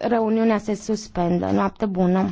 reuniunea se suspendă. Noapte bună!